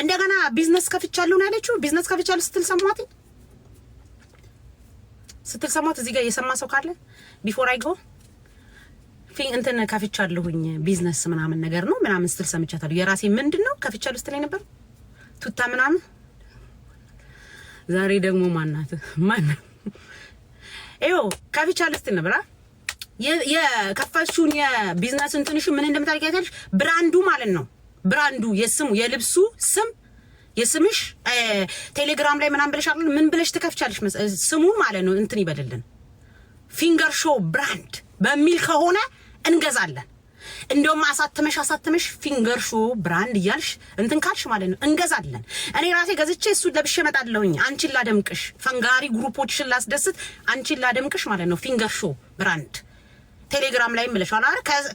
እንደገና ቢዝነስ ከፍቻለሁ ነው ያለችው። ቢዝነስ ከፍቻለሁ ስትል ሰሟት ስትል ሰሟት። እዚህ ጋር የሰማ ሰው ካለ ቢፎር አይ ጎ ፊን እንትን ከፍቻለሁኝ ቢዝነስ ምናምን ነገር ነው ምናምን ስትል ሰምቻታለሁ። የራሴ ምንድን ነው ከፍቻለሁ ስትል ነበር ቱታ ምናምን። ዛሬ ደግሞ ማናት ማን ይኸው ከፍቻለሁ ስትል ነበር የከፈችውን የቢዝነስ እንትንሽ ምን እንደምታደርጊያታለሽ ብራንዱ ማለት ነው ብራንዱ የስሙ የልብሱ ስም የስምሽ ቴሌግራም ላይ ምናምን ብለሽ አለ ምን ብለሽ ትከፍቻለሽ ስሙን ማለት ነው። እንትን ይበልልን ፊንገር ሾው ብራንድ በሚል ከሆነ እንገዛለን። እንደውም አሳትመሽ አሳትመሽ ፊንገር ሾው ብራንድ እያልሽ እንትን ካልሽ ማለት ነው እንገዛለን። እኔ ራሴ ገዝቼ እሱ ለብሼ እመጣለሁኝ። አንቺን ላደምቅሽ፣ ፈንጋሪ ግሩፖችሽን ላስደስት፣ አንቺን ላደምቅሽ ማለት ነው። ፊንገር ሾው ብራንድ ቴሌግራም ላይ ምለሽ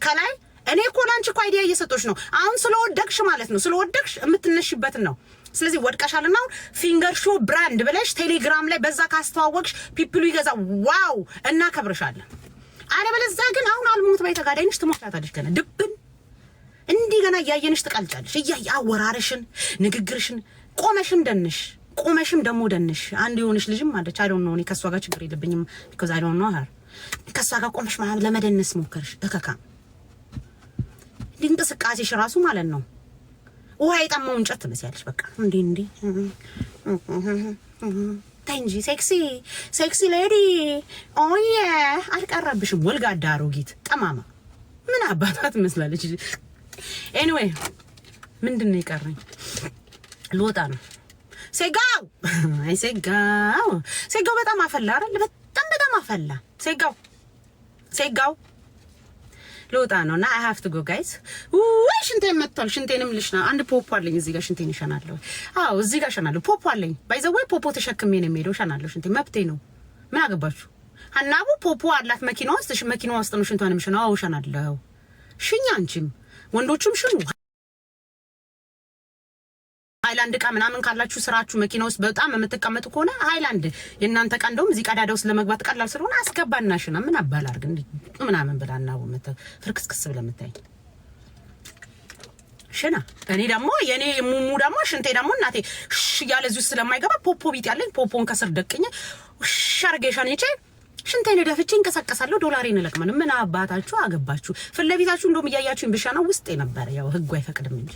ከላይ እኔ እኮ ለአንቺ እኮ አይዲያ እየሰጦች ነው። አሁን ስለወደቅሽ ማለት ነው ስለወደቅሽ የምትነሽበትን ነው። ስለዚህ ወድቀሻልና አሁን ፊንገር ሾ ብራንድ ብለሽ ቴሌግራም ላይ በዛ ካስተዋወቅሽ ፒፕሉ ይገዛ። ዋው እናከብርሻለን። አለበለዚያ ግን አሁን አልሞት ባይ ተጋዳይንሽ ትሞታታለሽ። ገና ድብን እንዲህ ገና እያየንሽ ትቀልጫለሽ። እያየ አወራርሽን፣ ንግግርሽን ቆመሽም ደንሽ ቆመሽም ደግሞ ደንሽ። አንድ የሆንሽ ልጅም አለች። አይ ዶንት ኖ እኔ ከሷ ጋር ችግር የለብኝም ቢኮዝ አይ ዶንት ኖ ሀር ከሷ ጋር ቆመሽ ለመደነስ ሞከርሽ እከካ እንቅስቃሴሽ ራሱ ማለት ነው ውሃ የጠማው እንጨት ትመስያለሽ። በቃ እንዴ እንዴ ተይ እንጂ ሴክሲ ሴክሲ ሌዲ ኦየ አልቀረብሽም። ወልጋዳ አሮጊት ጠማማ ምን አባታት ትመስላለች። ኤኒዌይ ምንድን ነው የቀረኝ? ልወጣ ነው። ሴጋው አይ ሴጋው ሴጋው በጣም አፈላ አይደል? በጣም በጣም አፈላ ሴጋው ሴጋው ልውጣ ነው እና አይ ሃቭ ቱ ጎ ጋይስ። ውይ ሽንቴን መጥቷል። ሽንቴንም ልሽና አንድ ፖፖ አለኝ እዚህ ጋር ሽንቴን ይሸናለሁ። አዎ እዚህ ጋር ሸናለሁ። ፖፖ አለኝ ባይ ዘ ወይ ፖፖ ተሸክሜ ነው የሚሄደው። ሸናለሁ። ሽንቴ መብቴ ነው። ምን አገባችሁ? ሀናቡ ፖፖ አላት መኪና ውስጥ። መኪና ውስጥ ነው ሽንቷን የምሸናው። አዎ ሸናለሁ። ሽኝ አንቺም ወንዶቹም ሽኑ። የሀይላንድ እቃ ምናምን ካላችሁ ስራችሁ መኪና ውስጥ በጣም የምትቀመጡ ከሆነ ሀይላንድ የእናንተ እቃ እንደውም እዚህ ቀዳዳ ውስጥ ለመግባት ቀላል ስለሆነ አስገባና ሽና ምን አባላርግ ምናምን ብላና ፍርክስክስ ብለምታይ ሽና እኔ ደግሞ የእኔ ሙሙ ደግሞ ሽንቴ ደግሞ እናቴ ሽ እያለ እዚህ ውስጥ ስለማይገባ ፖፖ ቢጥ ያለኝ ፖፖን ከስር ደቅኝ ሽ አርጌ ሽንቴን ደፍቼ እንቀሳቀሳለሁ። ዶላሬን እለቅመን ምን አባታችሁ አገባችሁ? ፊት ለፊታችሁ እንደውም እያያችሁኝ ብሻና ውስጥ ነበረ። ያው ህጉ አይፈቅድም እንጂ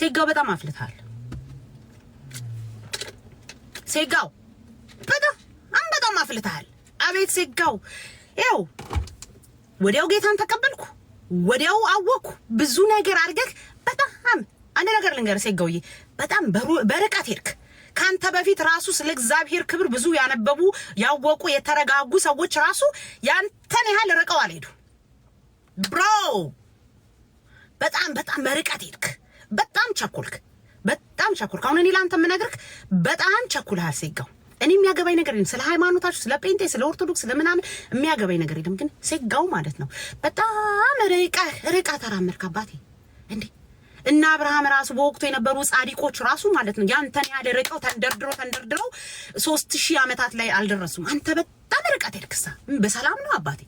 ሴጋው በጣም አፍልታል። ሴጋው በጣም በጣም አፍልተሃል። አቤት ሴጋው ያው ወዲያው ጌታን ተቀበልኩ፣ ወዲያው አወቅኩ። ብዙ ነገር አድርገህ በጣም አንድ ነገር ልንገር ሴጋውዬ፣ በጣም በርቀት ሄድክ። ከአንተ በፊት ራሱ ስለ እግዚአብሔር ክብር ብዙ ያነበቡ ያወቁ የተረጋጉ ሰዎች ራሱ ያንተን ያህል ርቀው አልሄዱ። ብሮ በጣም በጣም በርቀት ሄድክ። በጣም ቸኮልክ። በጣም ቸኩል ካሁን እኔ ለአንተ የምነግርህ በጣም ቸኩልሃል ሴጋው እኔ የሚያገባኝ ነገር የለም። ስለ ሃይማኖታችሁ፣ ስለ ጴንጤ፣ ስለ ኦርቶዶክስ፣ ስለ ምናምን የሚያገባኝ ነገር የለም። ግን ሴጋው ማለት ነው በጣም ርቃ ርቃ ተራመድክ አባቴ እንዴ! እና አብርሃም ራሱ በወቅቱ የነበሩ ጻዲቆች ራሱ ማለት ነው ያንተን ያለ ርቀው ተንደርድረው ተንደርድረው ሶስት ሺህ ዓመታት ላይ አልደረሱም። አንተ በጣም ርቀት ሄድክሳ። በሰላም ነው አባቴ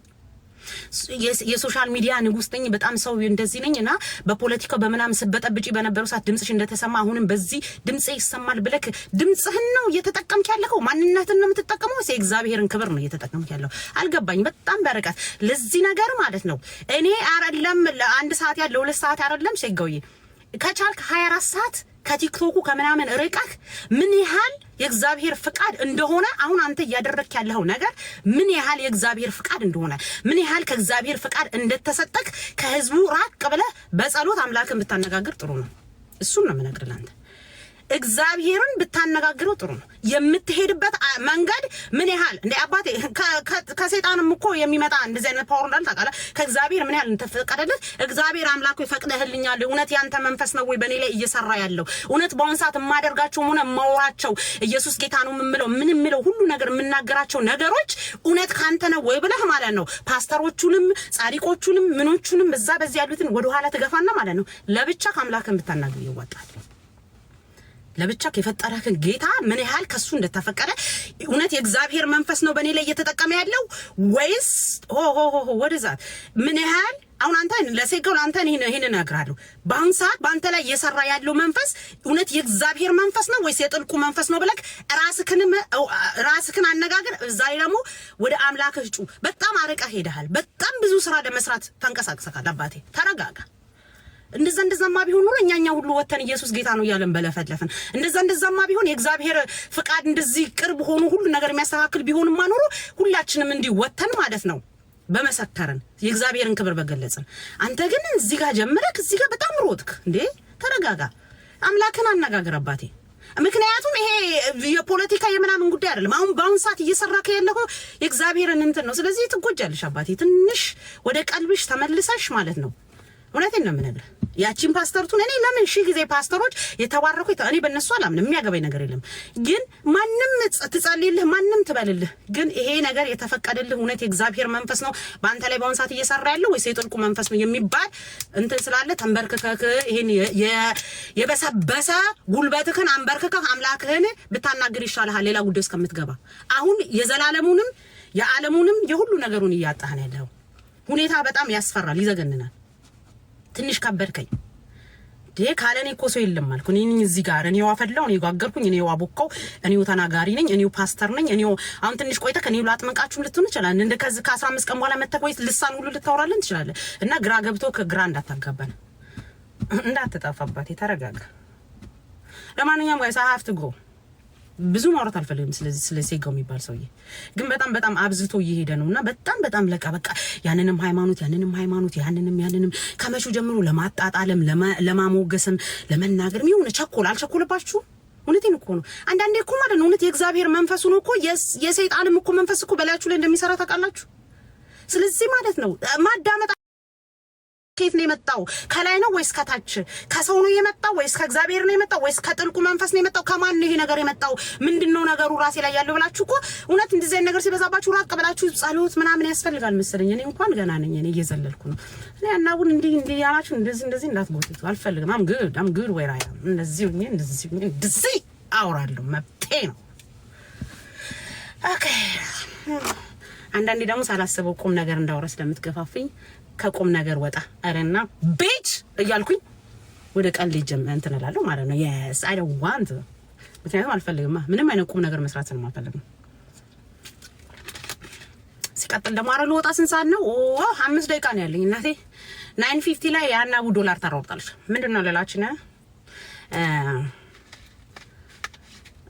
የሶሻል ሚዲያ ንጉስ ነኝ፣ በጣም ሰው እንደዚህ ነኝ እና በፖለቲካው በምናም ስበጠብጪ በነበረው ሰዓት ድምጽሽ እንደተሰማ አሁንም በዚህ ድምፅ ይሰማል ብለክ ድምጽህን ነው እየተጠቀምክ ያለከው። ማንነትን ነው የምትጠቀመው? እግዚአብሔርን ክብር ነው እየተጠቀምክ ያለው? አልገባኝ። በጣም በርቀት ለዚህ ነገር ማለት ነው እኔ አረለም ለአንድ ሰዓት ያለ ሁለት ሰዓት አረለም ሴጋውዬ ከቻልክ 24 ሰዓት ከቲክቶኩ ከምናምን ርቀህ ምን ያህል የእግዚአብሔር ፍቃድ እንደሆነ አሁን አንተ እያደረክ ያለው ነገር ምን ያህል የእግዚአብሔር ፍቃድ እንደሆነ ምን ያህል ከእግዚአብሔር ፍቃድ እንደተሰጠክ ከህዝቡ ራቅ ብለህ በጸሎት አምላክን ብታነጋግር ጥሩ ነው። እሱን ነው የምነግርህ ለአንተ። እግዚአብሔርን ብታነጋግረው ጥሩ ነው። የምትሄድበት መንገድ ምን ያህል እንደ አባቴ ከሴጣንም እኮ የሚመጣ እንደዚህ አይነት ፓወር እንዳለ ታውቃለህ። ከእግዚአብሔር ምን ያህል እንተፈቀደለት እግዚአብሔር አምላኩ ይፈቅደህልኛል። እውነት ያንተ መንፈስ ነው ወይ በእኔ ላይ እየሰራ ያለው እውነት በአሁን ሰዓት የማደርጋቸውም ሆነ የማወራቸው ኢየሱስ ጌታ ነው የምምለው ምን የምለው ሁሉ ነገር የምናገራቸው ነገሮች እውነት ካንተ ነው ወይ ብለህ ማለት ነው። ፓስተሮቹንም ጻዲቆቹንም ምኖቹንም እዛ በዚህ ያሉትን ወደኋላ ትገፋና ማለት ነው ለብቻ ከአምላክን ብታናግር ይወጣል። ለብቻ የፈጠረህን ጌታ ምን ያህል ከሱ እንደተፈቀደ እውነት የእግዚአብሔር መንፈስ ነው በእኔ ላይ እየተጠቀመ ያለው ወይስ ሆሆሆ ወደዛት ምን ያህል አሁን አንተ ለሴገው ለአንተ ይህን እነግርሃለሁ። በአሁን ሰዓት በአንተ ላይ እየሰራ ያለው መንፈስ እውነት የእግዚአብሔር መንፈስ ነው ወይስ የጥልቁ መንፈስ ነው ብለህ ራስክን አነጋገር። እዛ ደግሞ ወደ አምላክህ ጩ። በጣም አርቀህ ሄደሃል። በጣም ብዙ ስራ ለመስራት ተንቀሳቅሰካል። አባቴ ተረጋጋ። እንደዛ እንደዛማ ቢሆን ኑሮ እኛኛ ሁሉ ወተን ኢየሱስ ጌታ ነው እያለን በለፈለፍን። እንደዛ እንደዛማ ቢሆን የእግዚአብሔር ፍቃድ እንደዚህ ቅርብ ሆኖ ሁሉ ነገር የሚያስተካክል ቢሆንማ ኑሮ ሁላችንም እንዲህ ወተን ማለት ነው በመሰከርን የእግዚአብሔርን ክብር በገለጽን። አንተ ግን እዚህ ጋር ጀምረክ እዚህ ጋር በጣም ሮጥክ እንዴ! ተረጋጋ፣ አምላክን አነጋግር አባቴ። ምክንያቱም ይሄ የፖለቲካ የምናምን ጉዳይ አይደለም። አሁን በአሁን ሰዓት እየሰራ ያለው የእግዚአብሔርን እንትን ነው። ስለዚህ ትጎጃለሽ አባቴ። ትንሽ ወደ ቀልብሽ ተመልሰሽ ማለት ነው እውነቴን ነው የምነግርህ። ያቺን ፓስተርቱን እኔ ለምን ሺህ ጊዜ ፓስተሮች የተባረኩ እኔ በእነሱ አላምንም፣ የሚያገባኝ ነገር የለም። ግን ማንም ትጸልይልህ፣ ማንም ትበልልህ፣ ግን ይሄ ነገር የተፈቀደልህ እውነት የእግዚአብሔር መንፈስ ነው በአንተ ላይ በአሁን ሰዓት እየሰራ ያለው ወይስ የጥልቁ መንፈስ ነው የሚባል እንትን ስላለ ተንበርክከክ፣ ይሄን የበሰበሰ ጉልበትህን አንበርክከህ አምላክህን ብታናግር ይሻልሃል፣ ሌላ ጉዳይ እስከምትገባ አሁን የዘላለሙንም የዓለሙንም የሁሉ ነገሩን እያጣህን ያለው። ሁኔታ በጣም ያስፈራል፣ ይዘገንናል። ትንሽ ከበድከኝ። ይሄ ካለኔ እኮ ሰው የለም አልኩ። እኔ ነኝ እዚህ ጋር እኔው አፈላው፣ እኔው ጋገርኩኝ፣ እኔው አቦካው፣ እኔው ተናጋሪ ነኝ፣ እኔው ፓስተር ነኝ፣ እኔው አሁን ትንሽ ቆይተህ ከኔው ላጥመቃችሁም ልትሆን ይችላል። እንደ ከዚህ ከአስራ አምስት ቀን በኋላ መተህ ቆይ ልሳን ሁሉ ልታወራለን ትችላለህ። እና ግራ ገብቶ ከግራ እንዳታጋባን እንዳትጠፋባት፣ የተረጋጋ ለማንኛውም ጋይስ አይ ሃቭ ቱ ጎ ብዙ ማውራት አልፈልግም። ስለዚህ ስለ ሴጋው የሚባል ሰውዬ ግን በጣም በጣም አብዝቶ እየሄደ ነው እና በጣም በጣም ለቃ በቃ ያንንም ሃይማኖት ያንንም ሃይማኖት ያንንም ያንንም ከመቹ ጀምሮ ለማጣጣለም ለማሞገስም ለመናገርም የሆነ ቸኮል አልቸኮለባችሁ። እውነቴን እኮ ነው። አንዳንዴ እኮ ማለት ነው እውነት የእግዚአብሔር መንፈሱ ነው እኮ የሰይጣንም እኮ መንፈስ እኮ በላያችሁ ላይ እንደሚሰራ ታውቃላችሁ። ስለዚህ ማለት ነው ማዳመጥ ከየት ነው የመጣው? ከላይ ነው ወይስ ከታች? ከሰው ነው የመጣው ወይስ ከእግዚአብሔር ነው የመጣው ወይስ ከጥልቁ መንፈስ ነው የመጣው? ከማን ነው ይሄ ነገር የመጣው? ምንድነው ነገሩ ራሴ ላይ ያለው ብላችሁ እኮ እውነት እንደዚህ ነገር ሲበዛባችሁ ራቅ ብላችሁ ጸሎት ምናምን ያስፈልጋል መሰለኝ። እኔ እንኳን ገና ነኝ። እኔ እየዘለልኩ ነው። እኔ አናውን እንዲህ እንዲህ ያላችሁ እንደዚህ እንደዚህ እንዳትጎትቱ አልፈልግም። አም ግድ አም ግድ ወይ ራያ እንደዚህ ሁኜ እንደዚህ ሁኜ እንደዚህ አውራለሁ። መብቴ ነው። ኦኬ አንዳንዴ ደግሞ ሳላስበው ቁም ነገር እንዳወራ ስለምትገፋፍኝ ከቁም ነገር ወጣ አረና ቤች እያልኩኝ ወደ ቀን ልጅም እንትን እላለሁ ማለት ነው። የስ አይ ዶንት ዋንት ምክንያቱም አልፈልግማ ምንም አይነት ቁም ነገር መስራት ነው አልፈልግም። ሲቀጥል ደግሞ አረ ልወጣ ስንት ሰዓት ነው? አምስት ደቂቃ ነው ያለኝ እናቴ። ናይን ፊፍቲ ላይ የአናቡ ዶላር ታሯርጣለች። ምንድን ነው ሌላችን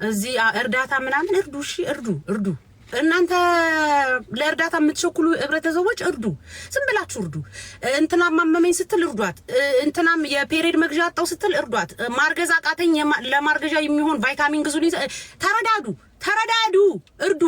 እዚህ እርዳታ ምናምን እርዱ፣ እሺ እርዱ፣ እርዱ እናንተ ለእርዳታ የምትቸኩሉ ህብረተሰቦች እርዱ፣ ዝም ብላችሁ እርዱ። እንትናም ማመመኝ ስትል እርዷት፣ እንትናም የፔሬድ መግዣ አጣው ስትል እርዷት፣ ማርገዝ አቃተኝ ለማርገዣ የሚሆን ቫይታሚን ግዙ። ተረዳዱ፣ ተረዳዱ፣ እርዱ።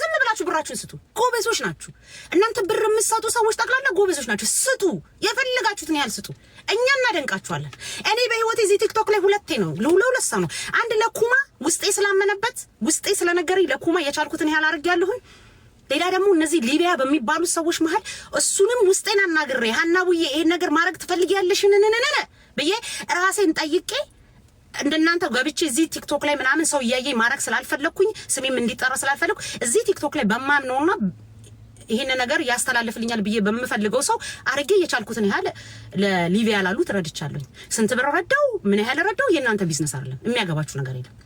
ዝም ብላችሁ ብራችሁን ስጡ። ጎበዞች ናችሁ እናንተ። ብር የምትሰጡ ሰዎች ጠቅላላ ጎበዞች ናችሁ። ስጡ፣ የፈለጋችሁትን ያህል ስጡ። እኛ እናደንቃችኋለን። እኔ በህይወቴ እዚህ ቲክቶክ ላይ ሁለቴ ነው ለሁለት ሰው ነው። አንድ ለኩማ ውስጤ ስላመነበት ውስጤ ስለነገረኝ ለኩማ የቻልኩትን ያህል አድርጌያለሁኝ። ሌላ ደግሞ እነዚህ ሊቢያ በሚባሉት ሰዎች መሀል እሱንም ውስጤን አናግሬ ሀና ቡዬ ይሄን ነገር ማድረግ ትፈልጊያለሽን ብዬ ራሴን ጠይቄ እንደናንተ ገብቼ እዚህ ቲክቶክ ላይ ምናምን ሰው እያየኝ ማድረግ ስላልፈለግኩኝ ስሜም እንዲጠራ ስላልፈለግኩ እዚህ ቲክቶክ ላይ በማምነውና ይህን ነገር ያስተላልፍልኛል ብዬ በምፈልገው ሰው አርጌ የቻልኩትን ያህል ለሊቪያ ላሉት ረድቻለሁኝ። ስንት ብር ረዳው፣ ምን ያህል ረዳው፣ የእናንተ ቢዝነስ አይደለም፣ የሚያገባችሁ ነገር የለም።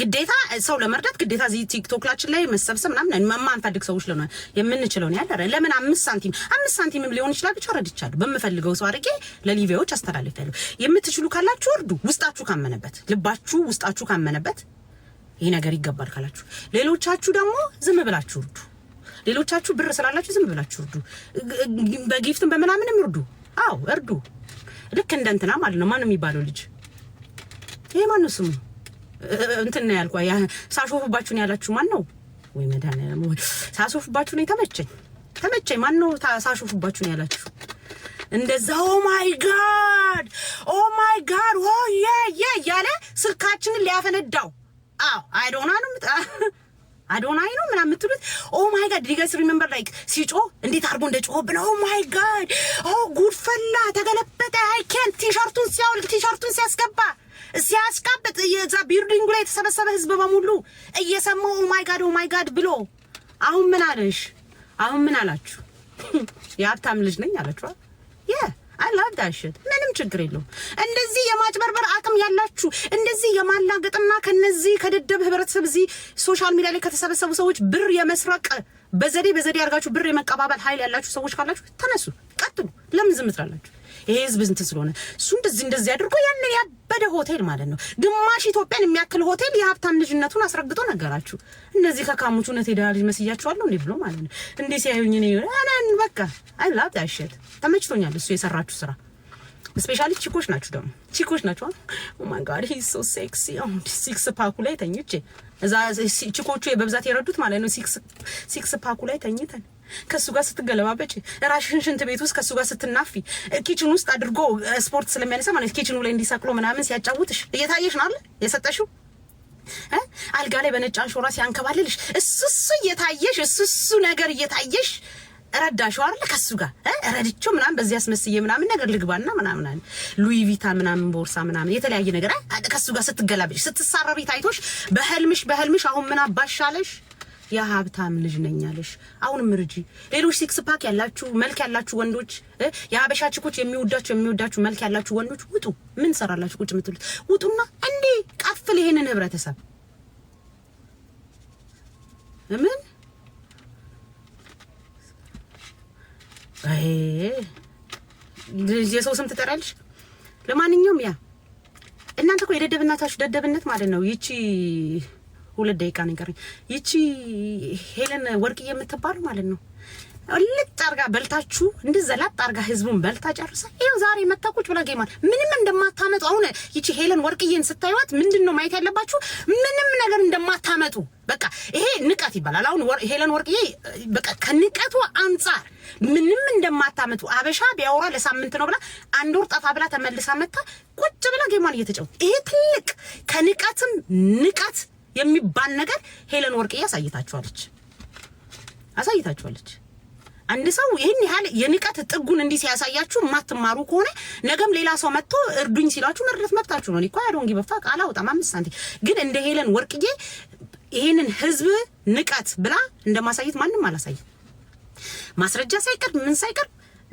ግዴታ ሰው ለመርዳት ግዴታ እዚህ ቲክቶክላችን ላይ መሰብሰብ ምናምን መማንፈልግ ሰዎች ለሆነ የምንችለውን ያለ ለምን አምስት ሳንቲም አምስት ሳንቲምም ሊሆን ይችላል ብቻ ረድቻለሁ በምፈልገው ሰው አድርጌ ለሊቪያዎች አስተላልፌያለሁ። የምትችሉ ካላችሁ እርዱ። ውስጣችሁ ካመነበት፣ ልባችሁ ውስጣችሁ ካመነበት ይህ ነገር ይገባል ካላችሁ፣ ሌሎቻችሁ ደግሞ ዝም ብላችሁ እርዱ። ሌሎቻችሁ ብር ስላላችሁ ዝም ብላችሁ እርዱ። በጊፍትም በምናምንም እርዱ። አዎ እርዱ። ልክ እንደ እንትና ማለት ነው። ማን የሚባለው ልጅ ይሄ ማነው ስሙ? እንትና ነው ያልኳ። ሳሾፉባችሁ ነው ያላችሁ። ማን ነው ወይ መድኃኒዓለም ወይ ሳሾፉባችሁ ነው ተመቸኝ ተመቸኝ። ማን ነው ሳሾፉባችሁ ነው ያላችሁ? እንደዛ ኦ ማይ ጋድ ኦ ማይ ጋድ ኦ ያ ያ እያለ ስልካችንን ሊያፈነዳው አዎ አይዶናንም አዶናይ ነው ምናምን የምትሉት ኦ ማይ ጋድ ዲገስ ሪሜምበር ላይክ ሲጮ እንዴት አርጎ እንደ ጮኸብን። ኦ ማይ ጋድ ኦ ጉድፈላ ተገለበጠ። አይ ኬንት ቲሸርቱን ሲያወልቅ ቲሸርቱን ሲያስገባ ሲያስቀብጥ የዛ ቢልዲንጉ ላይ የተሰበሰበ ህዝብ በሙሉ እየሰማው ኦ ማይ ጋድ ኦ ማይ ጋድ ብሎ አሁን ምን አለሽ? አሁን ምን አላችሁ? የሀብታም ልጅ ነኝ አላችኋል። አላፍ ዳሽት ምንም ችግር የለውም። እንደዚህ የማጭበርበር አቅም ያላችሁ እንደዚህ የማላገጥና ከነዚህ ከደደብ ህብረተሰብ እዚህ ሶሻል ሚዲያ ላይ ከተሰበሰቡ ሰዎች ብር የመስረቅ በዘዴ በዘዴ አድርጋችሁ ብር የመቀባበል ኃይል ያላችሁ ሰዎች ካላችሁ ተነሱ፣ ቀጥሉ። ለምን ዝም ትላላችሁ? ይሄ ህዝብ እንትን ስለሆነ እሱ እንደዚህ እንደዚህ አድርጎ ያንን ያበደ ሆቴል ማለት ነው ግማሽ ኢትዮጵያን የሚያክል ሆቴል የሀብታም ልጅነቱን አስረግጦ ነገራችሁ። እነዚህ ከካሙቹ ነት ሄዳ ልጅ መስያችኋለሁ እንዴ ብሎ ማለት ነው እንዴ ሲያዩኝ እኔ አናን በቃ አይ ያሸት ተመችቶኛል። እሱ የሰራችሁ ስራ ስፔሻሊ ቺኮች ናችሁ ደግሞ ቺኮች ናችሁ። ኦ ማይ ጋድ ሂ ሶ ሴክሲ ሲክስ ፓኩ ላይ ተኝቼ እዛ ቺኮቹ በብዛት የረዱት ማለት ነው ሲክስ ፓኩ ላይ ተኝተን ከሱ ጋር ስትገለባበጭ፣ ራሽን ሽንት ቤት ውስጥ ከሱ ጋር ስትናፊ፣ ኪችን ውስጥ አድርጎ ስፖርት ስለሚያነሳ ማለት ኪችኑ ላይ እንዲሰቅሎ ምናምን ሲያጫውትሽ እየታየሽ ነው አለ የሰጠሽው አልጋ ላይ በነጭ አንሾራ ሲያንከባልልሽ እሱሱ እየታየሽ እሱሱ ነገር እየታየሽ ረዳሽው አይደለ? ከሱ ጋር ረድቼው ምናምን በዚህ አስመስዬ ምናምን ነገር ልግባና ምናምን አለ ሉዊ ቪታ ምናምን ቦርሳ ምናምን የተለያየ ነገር ከሱ ጋር ስትገላብጭ ስትሳረሪ ታይቶሽ በህልምሽ በህልምሽ አሁን ምን አባሻለሽ? የሀብታም ልጅ ነኝ አለሽ። አሁንም ርጂ። ሌሎች ሲክስ ፓክ ያላችሁ መልክ ያላችሁ ወንዶች፣ የሀበሻ ችኮች የሚወዳችሁ የሚወዳችሁ መልክ ያላችሁ ወንዶች ውጡ። ምን ሰራላችሁ ቁጭ የምትሉት? ውጡና እንዴ ቃፍል ይሄንን ህብረተሰብ ምን የሰው ስም ትጠራለሽ። ለማንኛውም ያ እናንተ እኮ የደደብናታችሁ ደደብነት ማለት ነው ይቺ ሁለት ደቂቃ ነገር ይቺ ሄለን ወርቅዬ የምትባለው ማለት ነው ልጥ አርጋ በልታችሁ እንደዛ ላጥ አርጋ ህዝቡን በልታ ጨርሳ ይሄው ዛሬ መታ ቁጭ ብላ ጌማል ምንም እንደማታመጡ አሁን ይቺ ሄለን ወርቅዬን ስታዩት ምንድነው ማየት ያለባችሁ? ምንም ነገር እንደማታመጡ በቃ ይሄ ንቀት ይባላል። አሁን ሄለን ወርቅዬ በቃ ከንቀቱ አንጻር ምንም እንደማታመጡ አበሻ ቢያወራ ለሳምንት ነው ብላ አንድ ወር ጠፋ ብላ ተመልሳ መታ ቁጭ ብላ ጌማል እየተጫወቱ ይሄ ትልቅ ከንቀትም ንቀት የሚባል ነገር ሄለን ወርቅዬ አሳይታችኋለች አሳይታችኋለች። አንድ ሰው ይህን ያህል የንቀት ጥጉን እንዲህ ሲያሳያችሁ የማትማሩ ከሆነ ነገም ሌላ ሰው መጥቶ እርዱኝ ሲላችሁ መርዳት መብታችሁ ነው። እኮ አዶንጊ በፋ ቃል አውጣም አምስት ግን እንደ ሄለን ወርቅዬ ይህንን ህዝብ ንቀት ብላ እንደማሳየት ማንም አላሳይም። ማስረጃ ሳይቀር ምን ሳይቀር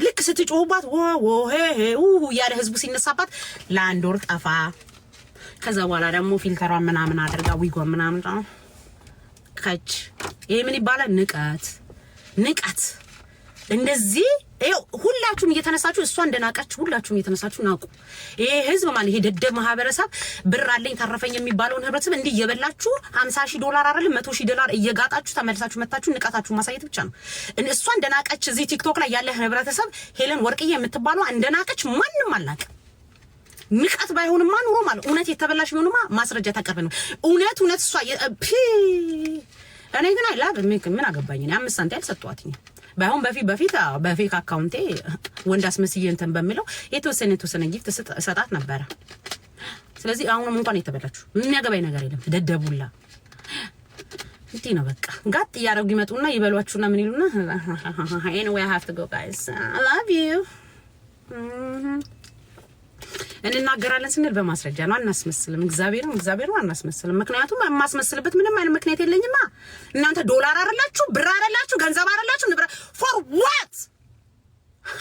ልክ ስትጮሁባት ወ ሄ እያለ ህዝቡ ሲነሳባት ለአንድ ወር ጠፋ ከዛ በኋላ ደግሞ ፊልተሯ ምናምን አድርጋ ዊጎ ምናምን ከች። ይሄ ምን ይባላል? ንቀት ንቀት። እንደዚህ ሁላችሁም እየተነሳችሁ እሷ እንደናቀች ሁላችሁም እየተነሳችሁ ናቁ። ይሄ ህዝብ ማለት ይሄ ደደብ ማህበረሰብ ብር አለኝ ተረፈኝ የሚባለውን ህብረተሰብ እንዲህ እየበላችሁ 50 ሺህ ዶላር አይደለም 100 ሺህ ዶላር እየጋጣችሁ ተመልሳችሁ መታችሁ ንቀታችሁ ማሳየት ብቻ ነው። እሷ እንደናቀች እዚህ ቲክቶክ ላይ ያለ ህብረተሰብ ሄለን ወርቅዬ የምትባለው እንደናቀች ማንም አልናቀም። ንቀት ባይሆንማ ኑሮ ማለት እውነት የተበላሽ ቢሆንማ ማስረጃ ታቀርብ ነው። እውነት እውነት እሷ ፒ እኔ ግን አይላብ ምን አገባኝ? አምስት ሳንቲም አልሰጠኋትኝ። ባይሆን በፊት በፊት በፌክ አካውንቴ ወንድ አስመስዬ እንትን በሚለው የተወሰነ የተወሰነ ጊፍት ሰጣት ነበረ። ስለዚህ አሁንም እንኳን የተበላችሁ የሚያገባኝ ነገር የለም። ደደቡላ እንዲህ ነው በቃ ጋጥ እያደረጉ ይመጡና ይበሏችሁና ምን ይሉና ኤኒዌይ አይ ሃቭ ቱ ጎ ጋይስ አይ ላቭ ዩ እንናገራለን ስንል በማስረጃ ነው፣ አናስመስልም። እግዚአብሔርም እግዚአብሔር አናስመስልም። ምክንያቱም የማስመስልበት ምንም አይነት ምክንያት የለኝማ። እናንተ ዶላር አረላችሁ፣ ብር አረላችሁ፣ ገንዘብ አረላችሁ፣ ንብረ ፎር ዋት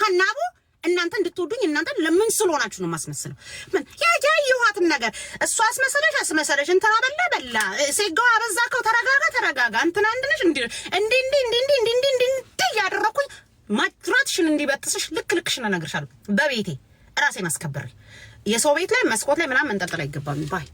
ሀናቡ እናንተ እንድትወዱኝ እናንተ ለምን ስለሆናችሁ ነው የማስመስለው? ምን ያየኋትን ነገር እሱ አስመሰለሽ አስመሰለሽ እንትና በለ በላ ሴጋው አበዛከው፣ ተረጋጋ ተረጋጋ፣ እንትና እንድነሽ እንዲ እንዲ እንዲ እንዲ እንዲ እንዲ እንዲ እንዲ እንዲ እያደረኩኝ ማትራትሽን እንዲበጥስሽ ልክ ልክሽን እነግርሻለሁ። በቤቴ ራሴን አስከብሬ የሰው ቤት ላይ መስኮት ላይ ምናምን መንጠልጠል አይገባም ባይ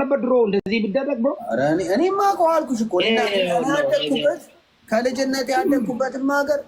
ነበር ድሮ እንደዚህ ቢደረግ ብሎ እኔ ማቀዋልኩሽ እኮ ከልጅነት ያደግኩበትም ሀገር